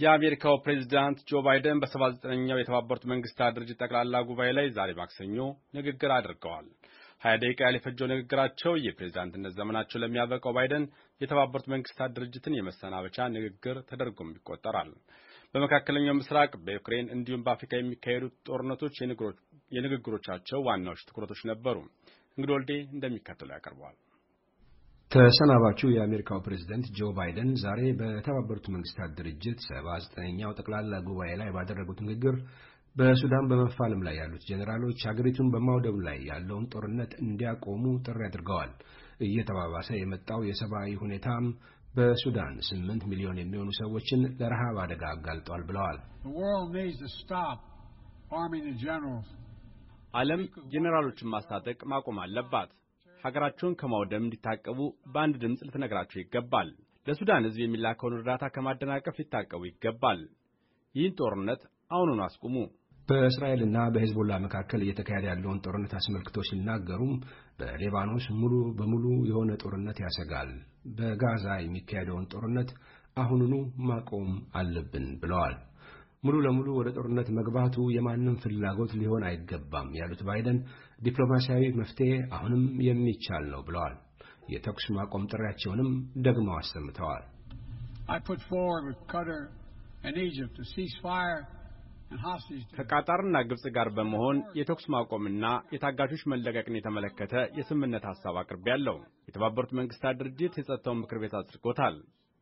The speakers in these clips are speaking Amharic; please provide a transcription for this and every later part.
የአሜሪካው ፕሬዚዳንት ጆ ባይደን በ79ኛው የተባበሩት መንግስታት ድርጅት ጠቅላላ ጉባኤ ላይ ዛሬ ማክሰኞ ንግግር አድርገዋል። ሀያ ደቂቃ ያህል ንግግራቸው የፕሬዚዳንትነት ዘመናቸው ለሚያበቃው ባይደን የተባበሩት መንግስታት ድርጅትን የመሰናበቻ ንግግር ተደርጎም ይቆጠራል። በመካከለኛው ምስራቅ፣ በዩክሬን እንዲሁም በአፍሪካ የሚካሄዱት ጦርነቶች የንግግሮቻቸው ዋናዎች ትኩረቶች ነበሩ። እንግዶ ወልዴ እንደሚከተለው ያቀርበዋል። ተሰናባቹ የአሜሪካው ፕሬዝደንት ጆ ባይደን ዛሬ በተባበሩት መንግስታት ድርጅት ሰባ ዘጠነኛው ጠቅላላ ጉባኤ ላይ ባደረጉት ንግግር በሱዳን በመፋለም ላይ ያሉት ጀኔራሎች ሀገሪቱን በማውደም ላይ ያለውን ጦርነት እንዲያቆሙ ጥሪ አድርገዋል። እየተባባሰ የመጣው የሰብአዊ ሁኔታም በሱዳን ስምንት ሚሊዮን የሚሆኑ ሰዎችን ለረሃብ አደጋ አጋልጧል ብለዋል። ዓለም ጀኔራሎችን ማስታጠቅ ማቆም አለባት። ሀገራቸውን ከማውደም እንዲታቀቡ በአንድ ድምፅ ልትነግራቸው ይገባል። ለሱዳን ሕዝብ የሚላከውን እርዳታ ከማደናቀፍ ሊታቀቡ ይገባል። ይህን ጦርነት አሁኑኑ አስቁሙ። በእስራኤልና በሄዝቦላ መካከል እየተካሄደ ያለውን ጦርነት አስመልክቶ ሲናገሩም በሌባኖስ ሙሉ በሙሉ የሆነ ጦርነት ያሰጋል፣ በጋዛ የሚካሄደውን ጦርነት አሁኑኑ ማቆም አለብን ብለዋል። ሙሉ ለሙሉ ወደ ጦርነት መግባቱ የማንም ፍላጎት ሊሆን አይገባም ያሉት ባይደን ዲፕሎማሲያዊ መፍትሄ አሁንም የሚቻል ነው ብለዋል። የተኩስ ማቆም ጥሪያቸውንም ደግመው አሰምተዋል። ከቃጣርና ግብፅ ጋር በመሆን የተኩስ ማቆምና የታጋቾች መለቀቅን የተመለከተ የስምምነት ሐሳብ አቅርቤያለሁ። የተባበሩት መንግሥታት ድርጅት የጸጥታውን ምክር ቤት አጽድቆታል።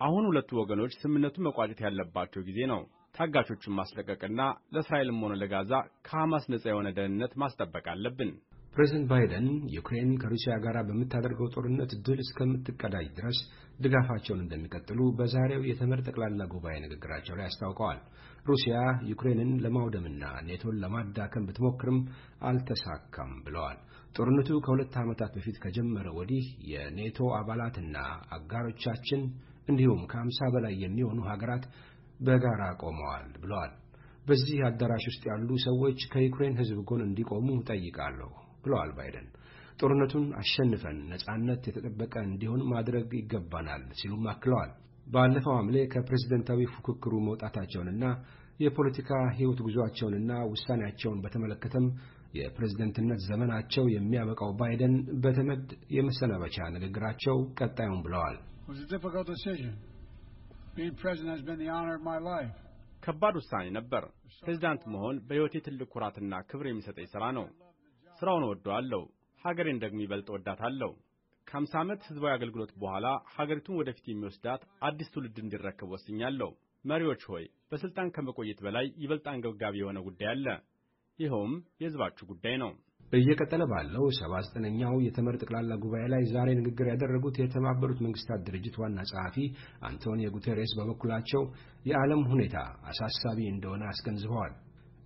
አሁን ሁለቱ ወገኖች ስምምነቱን መቋጨት ያለባቸው ጊዜ ነው። ታጋቾችን ማስለቀቅና ለእስራኤልም ሆነ ለጋዛ ከሐማስ ነጻ የሆነ ደህንነት ማስጠበቅ አለብን። ፕሬዚደንት ባይደን ዩክሬን ከሩሲያ ጋር በምታደርገው ጦርነት ድል እስከምትቀዳጅ ድረስ ድጋፋቸውን እንደሚቀጥሉ በዛሬው የተመድ ጠቅላላ ጉባኤ ንግግራቸው ላይ አስታውቀዋል። ሩሲያ ዩክሬንን ለማውደምና ኔቶን ለማዳከም ብትሞክርም አልተሳካም ብለዋል። ጦርነቱ ከሁለት ዓመታት በፊት ከጀመረ ወዲህ የኔቶ አባላትና አጋሮቻችን እንዲሁም ከአምሳ በላይ የሚሆኑ ሀገራት በጋራ ቆመዋል ብለዋል። በዚህ አዳራሽ ውስጥ ያሉ ሰዎች ከዩክሬን ሕዝብ ጎን እንዲቆሙ ጠይቃለሁ ብለዋል ባይደን። ጦርነቱን አሸንፈን ነጻነት የተጠበቀ እንዲሆን ማድረግ ይገባናል ሲሉም አክለዋል። ባለፈው ሐምሌ ከፕሬዝደንታዊ ፉክክሩ መውጣታቸውንና የፖለቲካ ሕይወት ጉዟቸውንና ውሳኔያቸውን በተመለከተም የፕሬዝደንትነት ዘመናቸው የሚያበቃው ባይደን በተመድ የመሰናበቻ ንግግራቸው ቀጣዩን ብለዋል። ከባድ ውሳኔ ነበር። ፕሬዚዳንት መሆን በሕይወቴ ትልቅ ኩራትና ክብር የሚሰጠኝ ሥራ ነው። ሥራውን እወደዋለሁ። ሀገሬን ደግሞ ይበልጥ ወዳታለሁ። ከአምሳ ዓመት ሕዝባዊ አገልግሎት በኋላ ሀገሪቱን ወደፊት የሚወስዳት አዲስ ትውልድ እንዲረከብ ወስኛለሁ። መሪዎች ሆይ በሥልጣን ከመቆየት በላይ ይበልጥ አንገብጋቢ የሆነ ጉዳይ አለ። ይኸውም የሕዝባችሁ ጉዳይ ነው። እየቀጠለ ባለው ሰባ ዘጠነኛው የተመድ ጠቅላላ ጉባኤ ላይ ዛሬ ንግግር ያደረጉት የተባበሩት መንግስታት ድርጅት ዋና ጸሐፊ አንቶኒዮ ጉቴሬስ በበኩላቸው የዓለም ሁኔታ አሳሳቢ እንደሆነ አስገንዝበዋል።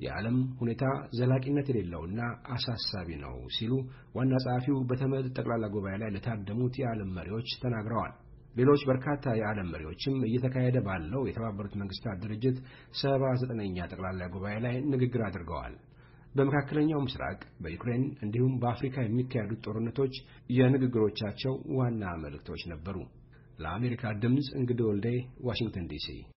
የዓለም ሁኔታ ዘላቂነት የሌለውና አሳሳቢ ነው ሲሉ ዋና ጸሐፊው በተመድ ጠቅላላ ጉባኤ ላይ ለታደሙት የዓለም መሪዎች ተናግረዋል። ሌሎች በርካታ የዓለም መሪዎችም እየተካሄደ ባለው የተባበሩት መንግስታት ድርጅት ሰባ ዘጠነኛ ጠቅላላ ጉባኤ ላይ ንግግር አድርገዋል። በመካከለኛው ምስራቅ፣ በዩክሬን እንዲሁም በአፍሪካ የሚካሄዱት ጦርነቶች የንግግሮቻቸው ዋና መልእክቶች ነበሩ። ለአሜሪካ ድምፅ እንግዲህ ወልዴ ዋሽንግተን ዲሲ